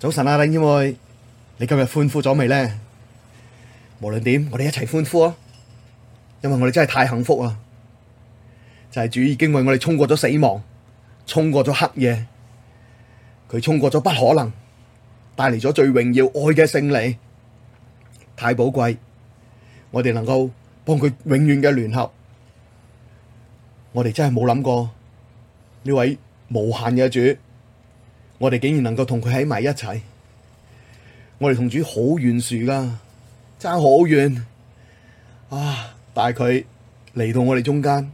早晨啊，弟兄姊妹，你今日歡呼咗未呢？無論點，我哋一齊歡呼啊！因為我哋真係太幸福啦，就係、是、主已經為我哋衝過咗死亡，衝過咗黑夜，佢衝過咗不可能，帶嚟咗最榮耀愛嘅勝利，太寶貴！我哋能夠幫佢永遠嘅聯合，我哋真係冇諗過呢位無限嘅主。我哋竟然能夠同佢喺埋一齊，我哋同主好懸殊噶，爭好遠啊！但係佢嚟到我哋中間，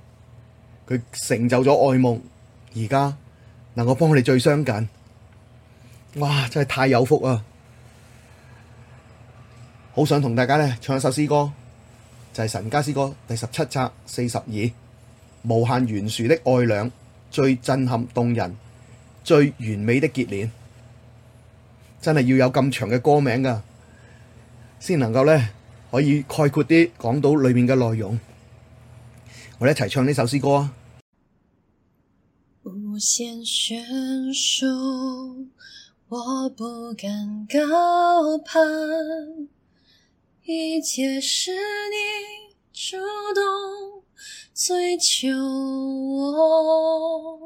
佢成就咗愛夢，而家能夠幫我哋最相近。哇！真係太有福啊！好想同大家咧唱一首詩歌，就係、是《神家詩歌》第十七冊四十二，無限懸殊的愛倆，最震撼動人。最完美的結連，真係要有咁長嘅歌名㗎，先能夠呢可以概括啲講到裏面嘅內容。我哋一齊唱呢首詩歌啊！無限懸殊，我不敢高攀，一切是你主動追求我，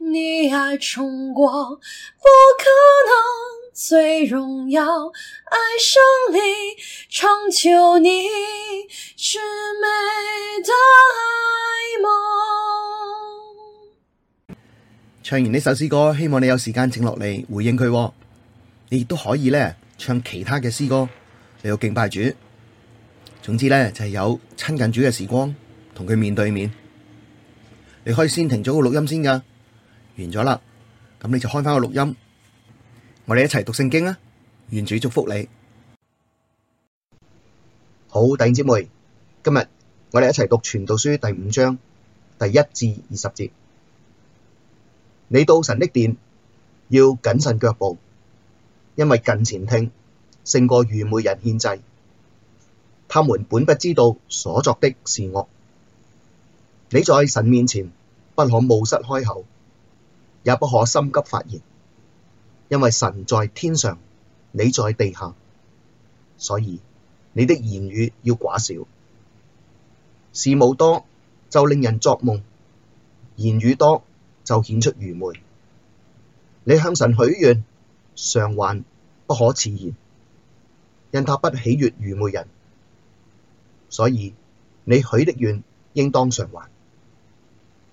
你愛衝過，不可能最榮耀，愛勝利，成就祢至美的愛夢。唱完呢首詩歌，希望你有時間靜落嚟回應佢。你亦都可以咧唱其他嘅詩歌嚟到敬拜主。總之咧就係、是、有親近主嘅時光，同佢面對面。你可以先停咗個錄音先噶，完咗啦，咁你就開返個錄音，我哋一齊讀聖經啊！願主祝福你。好，弟兄姊妹，今日我哋一齊讀傳道書第五章第一至二十節。你到神的殿要謹慎腳步，因為近前聽勝過愚昧人獻祭。他們本不知道所作的是惡。你在神面前。不可冒失開口，也不可心急發言，因為神在天上，你在地下，所以你的言語要寡少。事務多，就令人作夢，言語多，就顯出愚昧。你向神許願，償還不可遲延，因他不喜悅愚昧人，所以你許的願應當償還。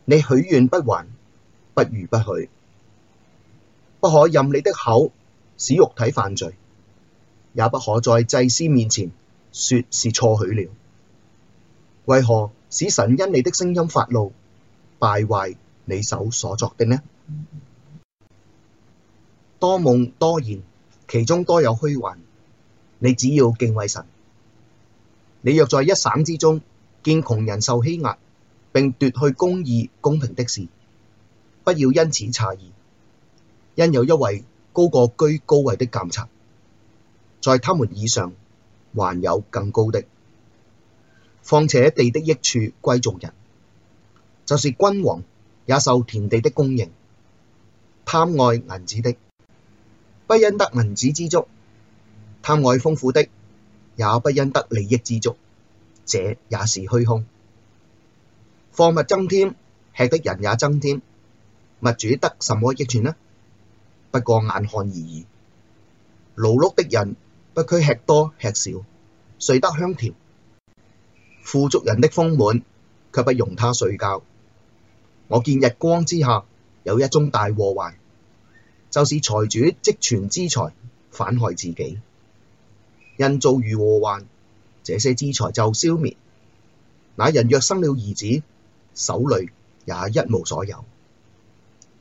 你許願不還，不如不許；不可任你的口使肉體犯罪，也不可在祭司面前說是錯許了。為何使神因你的聲音發怒，敗壞你手所作的呢？多夢多言，其中多有虛幻。你只要敬畏神。你若在一省之中見窮人受欺壓，並奪去公義、公平的事，不要因此詫異，因有一位高過居高位的鑒察，在他們以上還有更高的。況且地的益處歸眾人，就是君王也受田地的供應。貪愛銀子的，不因得銀子知足；貪愛豐富的，也不因得利益知足。這也是虛空。貨物增添，吃的人也增添，物主得什麼益處呢？不過眼看而已。勞碌的人不拘吃多吃少，睡得香甜；富足人的豐滿卻不容他睡覺。我見日光之下有一宗大禍患，就是財主積存資財，反害自己。因遭遇禍患，這些資財就消滅。那人若生了兒子，手裡也一無所有，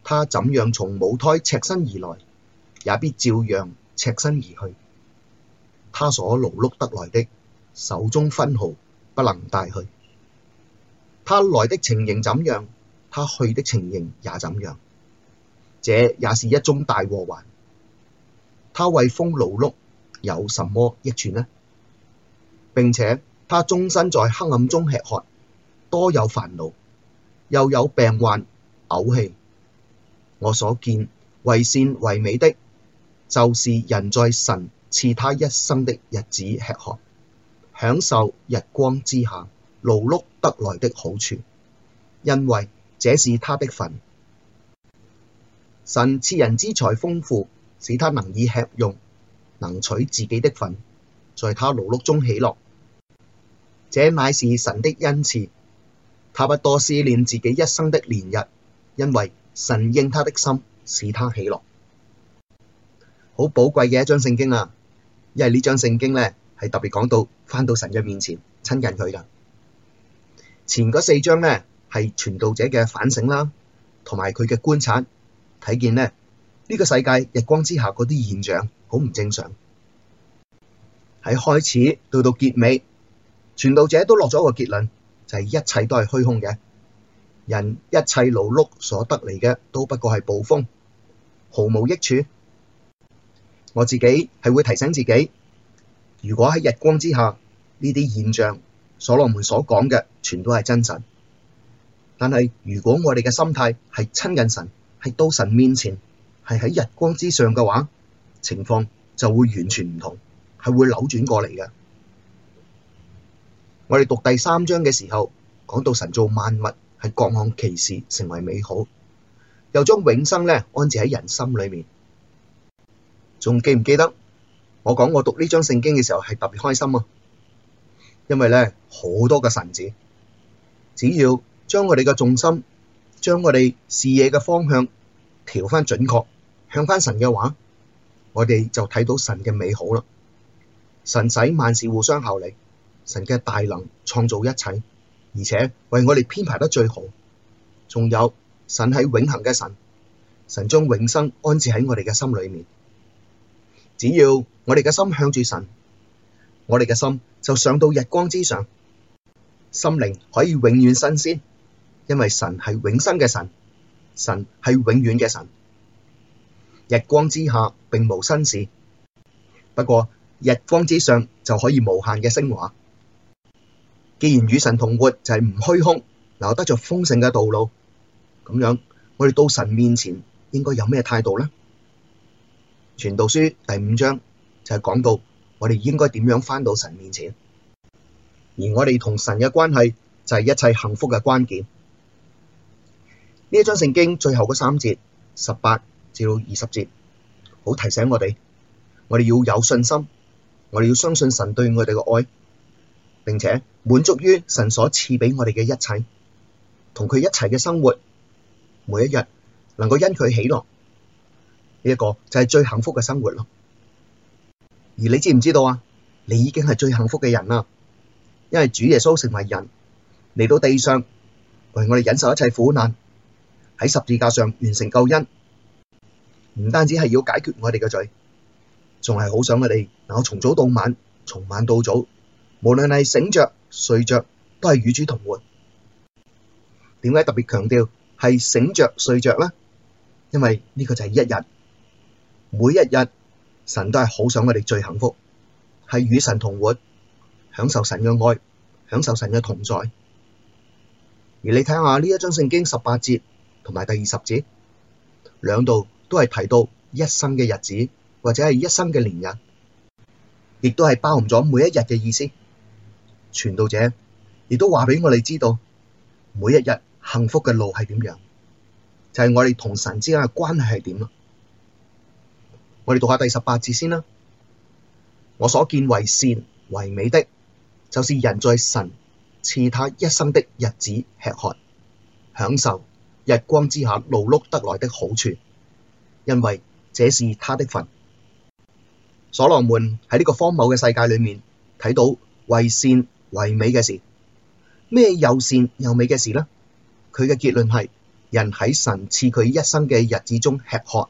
他怎樣從母胎赤身而來，也必照樣赤身而去。他所勞碌得來的，手中分毫不能帶去。他來的情形怎樣，他去的情形也怎樣。這也是一宗大禍患。他為風勞碌有什麼益處呢？並且他終身在黑暗中吃喝，多有煩惱。又有病患、嘔氣。我所見為善為美的，就是人在神賜他一生的日子吃喝，享受日光之下勞碌得來的好處，因為這是他的份。神賜人資財豐富，使他能以吃用，能取自己的份，在他勞碌中喜樂。這乃是神的恩賜。他不多思念自己一生的年日，因為神應他的心，使他喜樂。好寶貴嘅一章聖經啊！因為呢章聖經呢係特別講到返到神嘅面前親近佢噶。前嗰四章呢係傳道者嘅反省啦、啊，同埋佢嘅觀察睇見咧呢、這個世界日光之下嗰啲現象好唔正常。喺開始到到結尾，傳道者都落咗個結論。就係一切都係虛空嘅，人一切勞碌所得嚟嘅都不過係暴風，毫無益處。我自己係會提醒自己，如果喺日光之下呢啲現象，所羅門所講嘅全都係真實。但係如果我哋嘅心態係親近神，係到神面前，係喺日光之上嘅話，情況就會完全唔同，係會扭轉過嚟嘅。我哋讀第三章嘅時候，講到神造萬物係各項其事，成為美好，又將永生咧安置喺人心裏面。仲記唔記得我講我讀呢章聖經嘅時候係特別開心啊？因為咧好多嘅神子，只要將我哋嘅重心，將我哋視野嘅方向調翻準確，向翻神嘅話，我哋就睇到神嘅美好啦。神使萬事互相效力。神嘅大能創造一切，而且為我哋編排得最好。仲有，神係永恒嘅神，神將永生安置喺我哋嘅心裏面。只要我哋嘅心向住神，我哋嘅心就上到日光之上，心靈可以永遠新鮮，因為神係永生嘅神，神係永遠嘅神。日光之下並無新事，不過日光之上就可以無限嘅升華。既然與神同活就係唔虛空，留得着豐盛嘅道路。咁樣我哋到神面前應該有咩態度呢？傳道書第五章就係講到我哋應該點樣返到神面前，而我哋同神嘅關係就係一切幸福嘅關鍵。呢一章聖經最後嗰三節，十八至到二十節，好提醒我哋，我哋要有信心，我哋要相信神對我哋嘅愛。並且滿足於神所賜俾我哋嘅一切，同佢一齊嘅生活，每一日能夠因佢喜樂，呢一個就係最幸福嘅生活咯。而你知唔知道啊？你已經係最幸福嘅人啦，因為主耶穌成為人嚟到地上，為我哋忍受一切苦難，喺十字架上完成救恩。唔單止係要解決我哋嘅罪，仲係好想我哋能夠從早到晚，從晚到早。無論係醒着、睡着，都係與主同活。點解特別強調係醒着、睡着呢？因為呢個就係一日，每一日神都係好想我哋最幸福，係與神同活，享受神嘅愛，享受神嘅同在。而你睇下呢一章聖經十八節同埋第二十節兩度都係提到一生嘅日子或者係一生嘅年日，亦都係包含咗每一日嘅意思。傳道者亦都話畀我哋知道，每一日幸福嘅路係點樣，就係、是、我哋同神之間嘅關係係點啦。我哋讀下第十八字先啦。我所見為善為美的，就是人在神賜他一生的日子吃喝，享受日光之下勞碌得來的好處，因為這是他的份。所羅門喺呢個荒謬嘅世界裏面睇到為善。唯美嘅事，咩又善又美嘅事呢？佢嘅結論係：人喺神賜佢一生嘅日子中吃喝，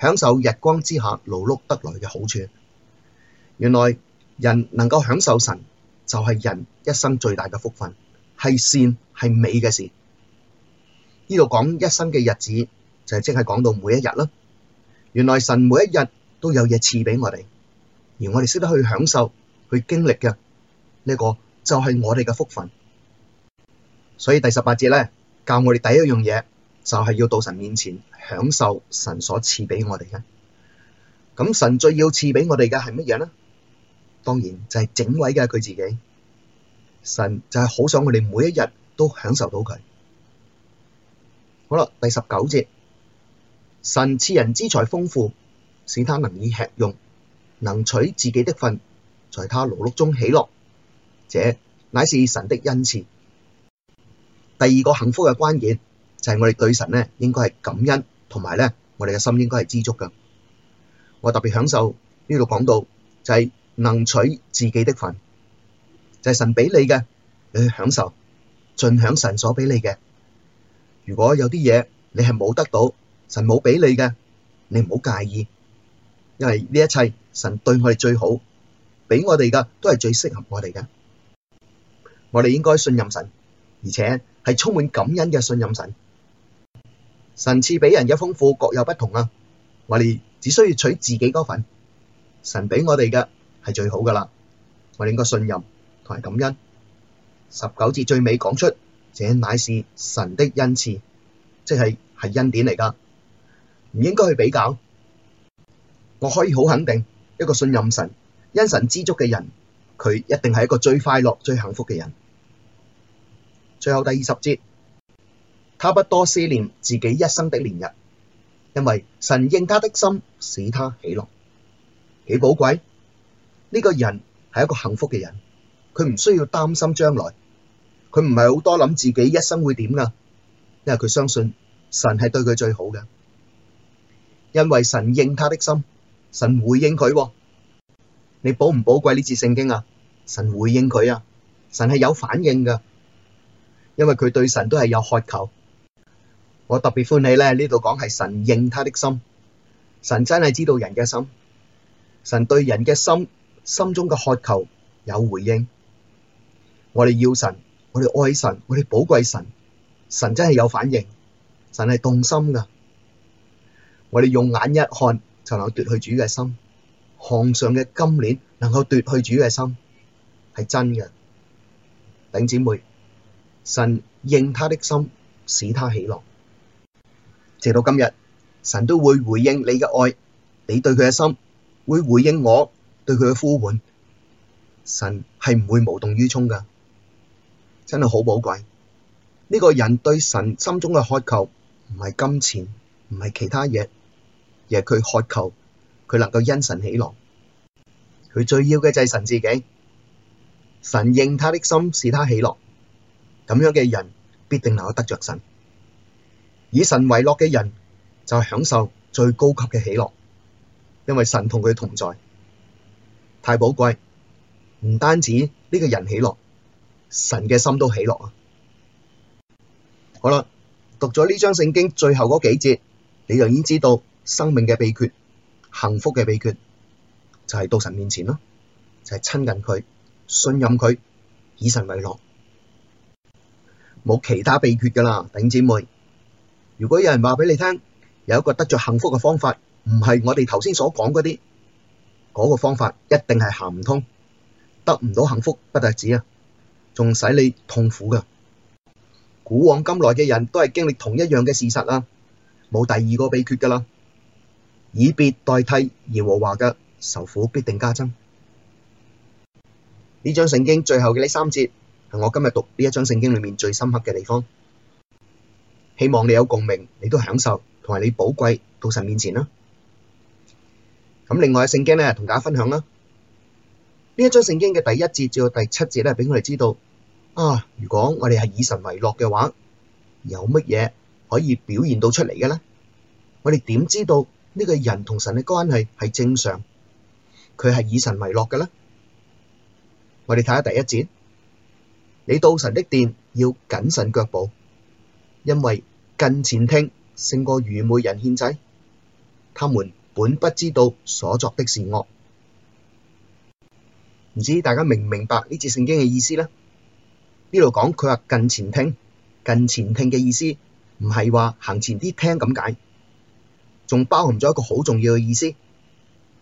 享受日光之下勞碌得來嘅好處。原來人能夠享受神，就係、是、人一生最大嘅福分，係善係美嘅事。呢度講一生嘅日子，就係即係講到每一日啦。原來神每一日都有嘢賜俾我哋，而我哋識得去享受、去經歷嘅。呢個就係我哋嘅福分，所以第十八節咧，教我哋第一樣嘢就係要到神面前享受神所賜畀我哋嘅。咁神最要賜畀我哋嘅係乜嘢咧？當然就係整位嘅佢自己。神就係好想我哋每一日都享受到佢。好啦，第十九節，神賜人資財豐富，使他能以吃用，能取自己的份，在他勞碌中喜樂。這乃是神的恩賜。第二個幸福嘅關鍵就係我哋對神咧應該係感恩，同埋咧我哋嘅心應該係知足噶我特別享受呢度講到就係能取自己的份，就係神畀你嘅，你去享受盡享神所畀你嘅。如果有啲嘢你係冇得到，神冇俾你嘅，你唔好介意，因為呢一切神對我哋最好，畀我哋嘅都係最適合我哋嘅。我哋應該信任神，而且係充滿感恩嘅信任神。神賜俾人嘅豐富各有不同啊。我哋只需要取自己嗰份。神俾我哋嘅係最好噶啦，我哋應該信任同埋感恩。十九節最尾講出，這乃是神的恩賜，即係係恩典嚟噶，唔應該去比較。我可以好肯定，一個信任神、因神知足嘅人，佢一定係一個最快樂、最幸福嘅人。最後第二十節，他不多思念自己一生的年日，因為神應他的心，使他喜樂。幾寶貴？呢個人係一個幸福嘅人，佢唔需要擔心將來，佢唔係好多諗自己一生會點噶，因為佢相信神係對佢最好嘅。因為神應他的心，神回應佢。你寶唔寶貴呢次聖經啊？神回應佢啊，神係有反應噶。因為佢對神都係有渴求，我特別歡喜咧，呢度講係神應他的心，神真係知道人嘅心，神對人嘅心心中嘅渴求有回應。我哋要神，我哋愛神，我哋寶貴神，神真係有反應，神係動心㗎。我哋用眼一看就能奪去主嘅心，項上嘅金鏈能夠奪去主嘅心，係真嘅，頂姐妹。神應他的心，使他喜樂。直到今日，神都會回應你嘅愛，你對佢嘅心會回應我對佢嘅呼喚。神係唔會無動於衷㗎，真係好寶貴。呢、這個人對神心中嘅渴求，唔係金錢，唔係其他嘢，而係佢渴求佢能夠因神喜樂。佢最要嘅就係神自己。神應他的心，使他喜樂。咁樣嘅人必定能夠得着神，以神為樂嘅人就係享受最高級嘅喜樂，因為神同佢同在，太寶貴。唔單止呢個人喜樂，神嘅心都喜樂啊！好啦，讀咗呢章聖經最後嗰幾節，你就已經知道生命嘅秘訣、幸福嘅秘訣就係到神面前咯，就係親近佢、信任佢、以神為樂。冇其他秘訣噶啦，頂姐妹。如果有人話畀你聽有一個得着幸福嘅方法，唔係我哋頭先所講嗰啲，嗰、嗰個方法一定係行唔通，得唔到幸福，不，不單止啊，仲使你痛苦噶。古往今來嘅人都係經歷同一樣嘅事實啊，冇第二個秘訣噶啦。以別代替耶和華嘅，仇苦必定加增。呢章聖經最後嘅呢三節。係我今日讀呢一章聖經裏面最深刻嘅地方，希望你有共鳴，你都享受同埋你寶貴到神面前啦。咁另外喺聖經咧，同大家分享啦。呢一章聖經嘅第一節至到第七節咧，俾我哋知道啊，如果我哋係以神為樂嘅話，有乜嘢可以表現到出嚟嘅咧？我哋點知道呢個人同神嘅關係係正常，佢係以神為樂嘅咧？我哋睇下第一節。你到神的殿要謹慎腳步，因為近前聽勝過愚昧人獻祭。他們本不知道所作的是惡，唔知大家明唔明白呢節聖經嘅意思呢？呢度講佢話近前聽，近前聽嘅意思唔係話行前啲聽咁解，仲包含咗一個好重要嘅意思：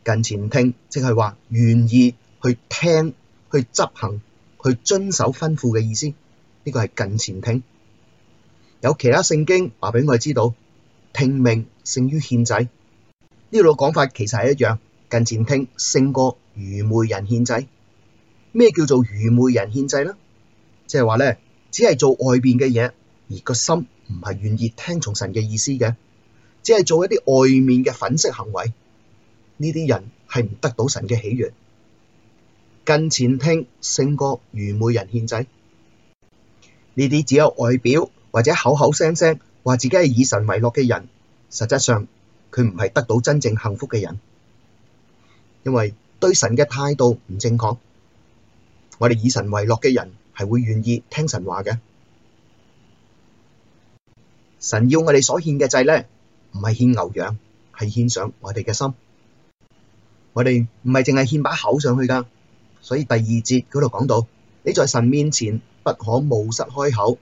近前聽，即係話願意去聽去執行。去遵守吩咐嘅意思，呢個係近前聽。有其他聖經話俾我哋知道，聽命勝於獻祭。呢度嘅講法其實係一樣，近前聽勝過愚昧人獻祭。咩叫做愚昧人獻祭呢？即係話咧，只係做外邊嘅嘢，而個心唔係願意聽從神嘅意思嘅，只係做一啲外面嘅粉飾行為。呢啲人係唔得到神嘅喜悅。近前聽，勝過愚昧人獻祭。呢啲只有外表或者口口聲聲話自己係以神為樂嘅人，實質上佢唔係得到真正幸福嘅人，因為對神嘅態度唔正確。我哋以神為樂嘅人係會願意聽神話嘅。神要我哋所獻嘅祭呢，唔係獻牛羊，係獻上我哋嘅心。我哋唔係淨係獻把口上去噶。所以第二節嗰度講到，你在神面前不可冒失開口，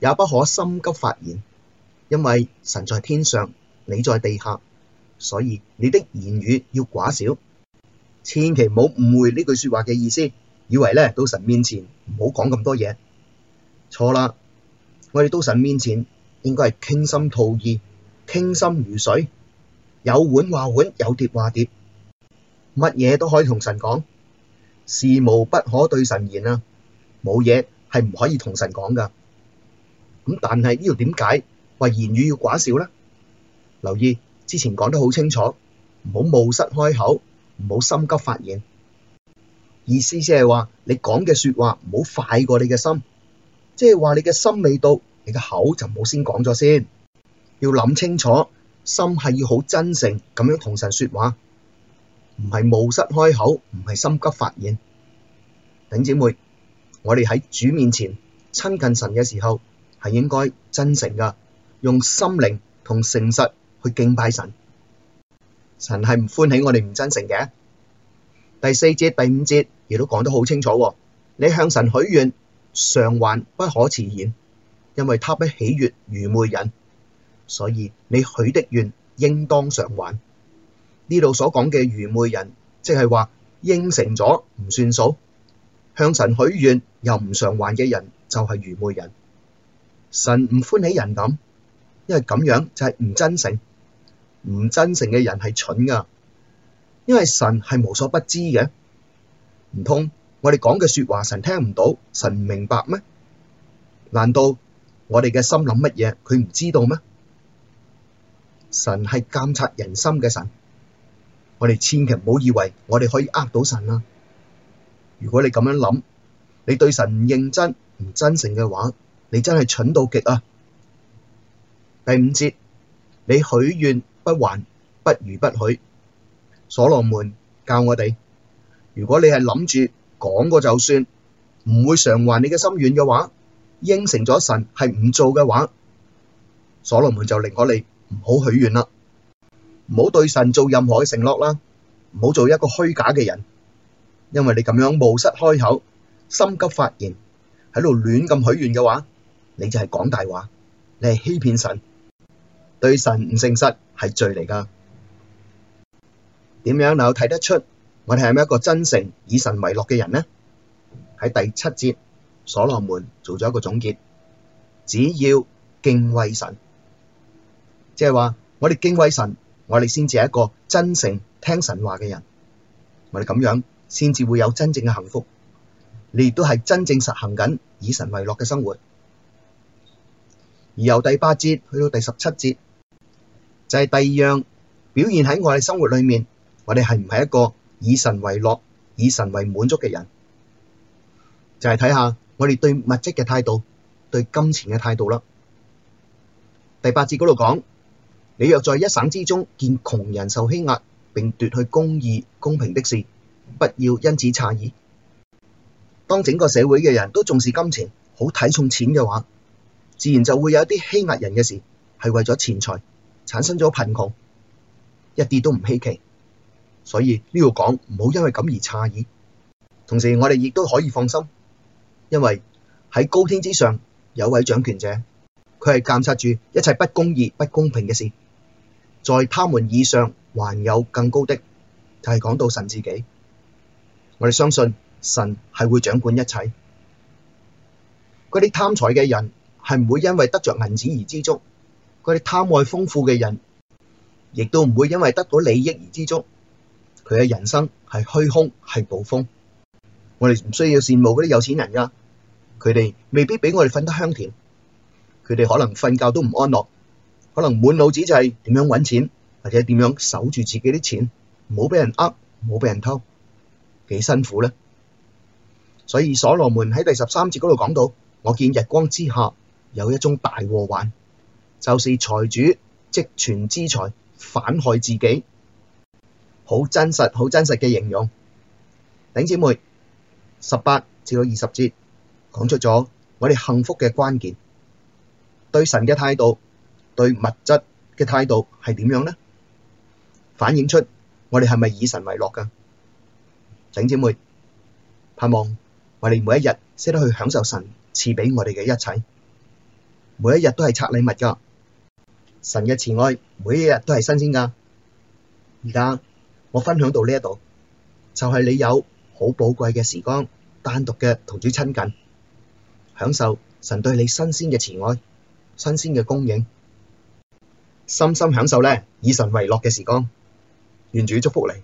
也不可心急發言，因為神在天上，你在地下，所以你的言語要寡少，千祈唔好誤會呢句說話嘅意思，以為呢到神面前唔好講咁多嘢，錯啦，我哋到神面前應該係傾心吐意，傾心如水，有碗話碗，有碟話碟，乜嘢都可以同神講。事無不可對神言啊，冇嘢係唔可以同神講噶。咁但係呢度點解話言語要寡少呢？留意之前講得好清楚，唔好冒失開口，唔好心急發言。意思即係話，你講嘅說話唔好快過你嘅心，即係話，你嘅心未到，你嘅口就唔好先講咗先。要諗清楚，心係要好真誠咁樣同神說話。唔係冒失開口，唔係心急發言，頂姐妹，我哋喺主面前親近神嘅時候，係應該真誠噶，用心靈同誠實去敬拜神。神係唔歡喜我哋唔真誠嘅。第四節第五節亦都講得好清楚，你向神許願，償還不可遲延，因為他不喜悅愚昧人，所以你許的願應當償還。呢度所講嘅愚昧人，即係話應承咗唔算數，向神許願又唔償還嘅人就係愚昧人。神唔歡喜人咁，因為咁樣就係唔真誠，唔真誠嘅人係蠢噶。因為神係無所不知嘅，唔通我哋講嘅說話神聽唔到，神唔明白咩？難道我哋嘅心諗乜嘢佢唔知道咩？神係監察人心嘅神。我哋千祈唔好以為我哋可以呃到神啊！如果你咁樣諗，你對神唔認真、唔真誠嘅話，你真係蠢到極啊！第五節，你許願不還，不如不許。所羅門教我哋，如果你係諗住講過就算，唔會償還你嘅心願嘅話，應承咗神係唔做嘅話，所羅門就令我哋唔好許願啦。唔好對神做任何嘅承諾啦，唔好做一個虛假嘅人，因為你咁樣冒失開口，心急發言喺度亂咁許願嘅話，你就係講大話，你係欺騙神，對神唔誠實係罪嚟㗎。點樣能夠睇得出我哋係咪一個真誠以神為樂嘅人呢？喺第七節，所羅門做咗一個總結，只要敬畏神，即係話我哋敬畏神。我哋先至係一個真誠聽神話嘅人，我哋咁樣先至會有真正嘅幸福，你亦都係真正實行緊以神為樂嘅生活。而由第八節去到第十七節，就係、是、第二樣表現喺我哋生活裏面，我哋係唔係一個以神為樂、以神為滿足嘅人，就係睇下我哋對物質嘅態度、對金錢嘅態度啦。第八節嗰度講。你若在一省之中見窮人受欺壓，并奪去公義公平的事，不要因此詫異。當整個社會嘅人都重視金錢，好睇重錢嘅話，自然就會有一啲欺壓人嘅事，係為咗錢財產生咗貧窮，一啲都唔稀奇。所以呢度講唔好因為咁而詫異。同時我哋亦都可以放心，因為喺高天之上有位掌權者，佢係監察住一切不公義、不公平嘅事。在他們以上還有更高的，就係講到神自己。我哋相信神係會掌管一切。嗰啲貪財嘅人係唔會因為得着銀紙而知足；嗰啲貪愛豐富嘅人，亦都唔會因為得到利益而知足。佢嘅人生係虛空，係暴風。我哋唔需要羨慕嗰啲有錢人㗎，佢哋未必畀我哋瞓得香甜，佢哋可能瞓覺都唔安樂。可能滿腦子就係點樣搵錢，或者點樣守住自己啲錢，唔好俾人呃，唔好俾人偷，幾辛苦咧。所以所羅門喺第十三節嗰度講到，我見日光之下有一宗大禍患，就是財主積存資財反害自己，好真實、好真實嘅形容。頂姐妹十八至到二十節講出咗我哋幸福嘅關鍵，對神嘅態度。對物質嘅態度係點樣呢？反映出我哋係咪以神為樂噶？整姐妹盼望我哋每一日識得去享受神賜俾我哋嘅一切，每一日都係拆禮物噶。神嘅慈愛每一日都係新鮮噶。而家我分享到呢一度，就係、是、你有好寶貴嘅時光，單獨嘅同主親近，享受神對你新鮮嘅慈愛、新鮮嘅供應。深深享受咧，以神為樂嘅時光。願主祝福你。